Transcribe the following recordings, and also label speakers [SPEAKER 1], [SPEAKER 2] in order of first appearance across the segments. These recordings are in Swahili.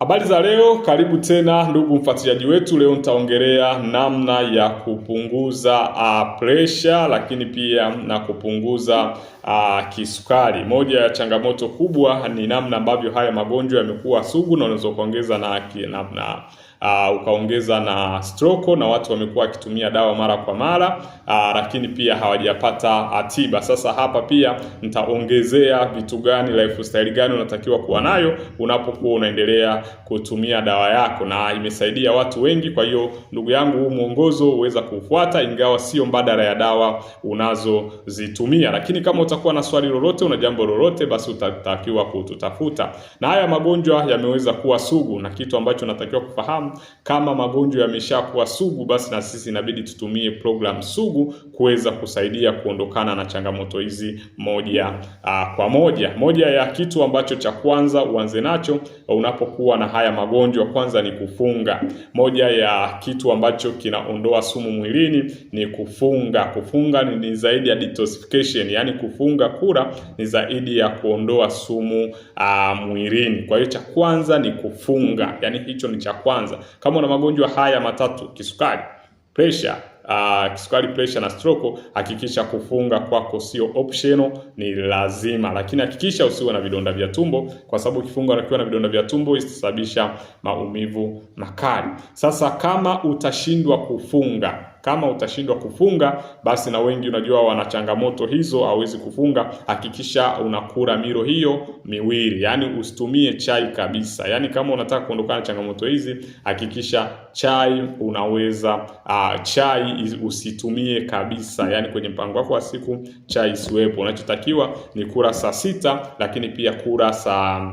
[SPEAKER 1] Habari za leo, karibu tena ndugu mfuatiliaji wetu. Leo nitaongelea namna ya kupunguza uh, ah, presha lakini pia na kupunguza uh, kisukari. Moja ya changamoto kubwa ni namna ambavyo haya magonjwa yamekuwa sugu na unaweza kuongeza na, na, na uh, ukaongeza na stroke, na watu wamekuwa wakitumia dawa mara kwa mara uh, lakini pia hawajapata ah, tiba. Sasa hapa pia nitaongezea vitu gani, lifestyle gani unatakiwa kuwa nayo unapokuwa unaendelea kutumia dawa yako, na imesaidia watu wengi. Kwa hiyo ndugu yangu, huu mwongozo uweza kuufuata, ingawa sio mbadala ya dawa unazozitumia, lakini kama utakuwa na swali lolote, una jambo lolote, basi utatakiwa kututafuta. Na haya magonjwa yameweza kuwa sugu, na kitu ambacho unatakiwa kufahamu kama magonjwa yameshakuwa sugu, basi na sisi inabidi tutumie program sugu kuweza kusaidia kuondokana na changamoto hizi moja aa, kwa moja. Moja ya kitu ambacho cha kwanza uanze nacho unapokuwa na haya magonjwa, kwanza ni kufunga. Moja ya kitu ambacho kinaondoa sumu mwilini ni kufunga. Kufunga ni, ni zaidi ya detoxification, yani kufunga kura ni zaidi ya kuondoa sumu aa, mwilini. Kwa hiyo cha kwanza ni kufunga, yani hicho ni cha kwanza. Kama una magonjwa haya matatu, kisukari, pressure Uh, kisukari, pressure na stroke, hakikisha kufunga kwako sio optional, ni lazima. Lakini hakikisha usiwe na vidonda vya tumbo, kwa sababu ukifunga ukiwa na vidonda vya tumbo itasababisha maumivu makali. Sasa kama utashindwa kufunga kama utashindwa kufunga, basi na wengi unajua wana changamoto hizo, hawezi kufunga. Hakikisha unakula milo hiyo miwili, yaani usitumie chai kabisa. Yaani kama unataka kuondokana changamoto hizi, hakikisha chai unaweza uh, chai usitumie kabisa, yaani kwenye mpango wako wa siku chai isiwepo. Unachotakiwa ni kula saa sita, lakini pia kula saa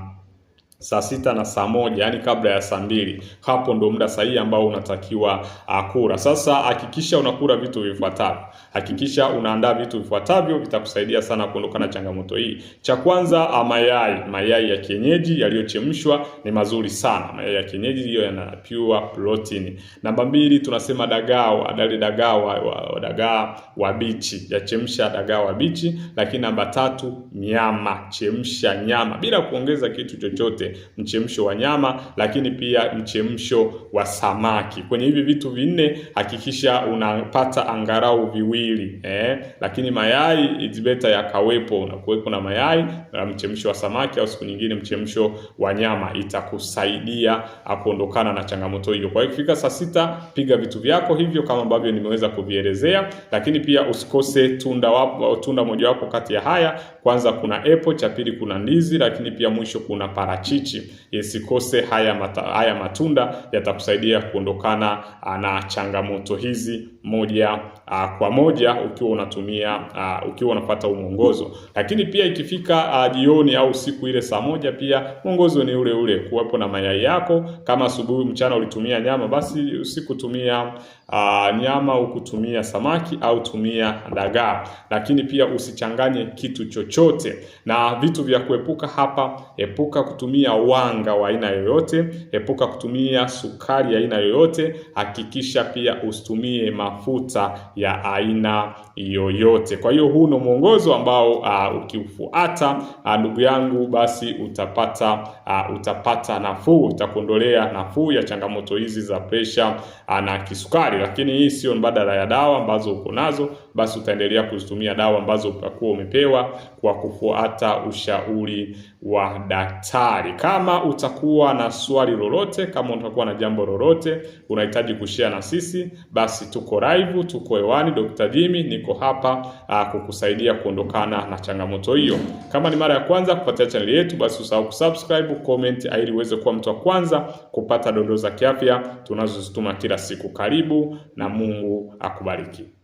[SPEAKER 1] saa sita na saa moja yani kabla ya saa mbili. Hapo ndo muda sahihi ambao unatakiwa ah, kula. Sasa hakikisha unakula vitu vifuatavyo, hakikisha unaandaa vitu vifuatavyo, vitakusaidia sana kuondokana na changamoto hii. Cha kwanza, ah, mayai. Mayai ya kienyeji yaliyochemshwa ni mazuri sana, mayai ya kienyeji hiyo yana pure protein. Namba mbili, tunasema dagaa, adali dagaa wa dagaa wabichi, yachemsha dagaa wabichi. Lakini namba tatu, nyama, chemsha nyama bila kuongeza kitu chochote yote, mchemsho wa nyama, lakini pia mchemsho wa samaki. Kwenye hivi vitu vinne hakikisha unapata angalau viwili eh? Lakini mayai it's better yakawepo, na kuwepo na mayai na mchemsho wa samaki, au siku nyingine mchemsho wa nyama, itakusaidia kuondokana na changamoto hiyo. Kwa hiyo ikifika saa sita piga vitu vyako hivyo kama ambavyo nimeweza kuvielezea, lakini pia usikose tunda wapo, tunda mojawapo kati ya haya. Kwanza kuna apple, cha pili kuna ndizi, lakini pia mwisho kuna parachichi parachichi yasikose haya, haya matunda yatakusaidia kuondokana ah, na changamoto hizi moja uh, kwa moja ukiwa unatumia uh, ukiwa unapata mwongozo. Lakini pia ikifika ah, jioni au siku ile saa moja, pia mwongozo ni ule ule, kuwepo na mayai yako. Kama asubuhi mchana ulitumia nyama, basi usiku tumia uh, nyama, ukutumia samaki au tumia dagaa. Lakini pia usichanganye kitu chochote, na vitu vya kuepuka hapa, epuka kutumia wanga wa aina yoyote, epuka kutumia sukari ya aina yoyote. Hakikisha pia usitumie ma mafuta ya aina yoyote. Kwa hiyo huu ni mwongozo ambao uh, ukiufuata uh, ndugu yangu, basi utapata uh, utapata nafuu, utakuondolea nafuu ya changamoto hizi za presha uh, na kisukari. Lakini hii sio mbadala ya dawa ambazo uko nazo, basi utaendelea kuzitumia dawa ambazo utakuwa umepewa kwa kufuata ushauri wa daktari. Kama utakuwa na swali lolote, kama utakuwa na jambo lolote unahitaji kushare na sisi, basi tuko live, tuko hewani. Dr. Jimmy niko hapa uh, kukusaidia kuondokana na changamoto hiyo. Kama ni mara ya kwanza kupatia chaneli yetu, basi usahau kusubscribe, comment ili uweze kuwa mtu wa kwanza kupata dondoo za kiafya tunazozituma kila siku. Karibu na Mungu akubariki.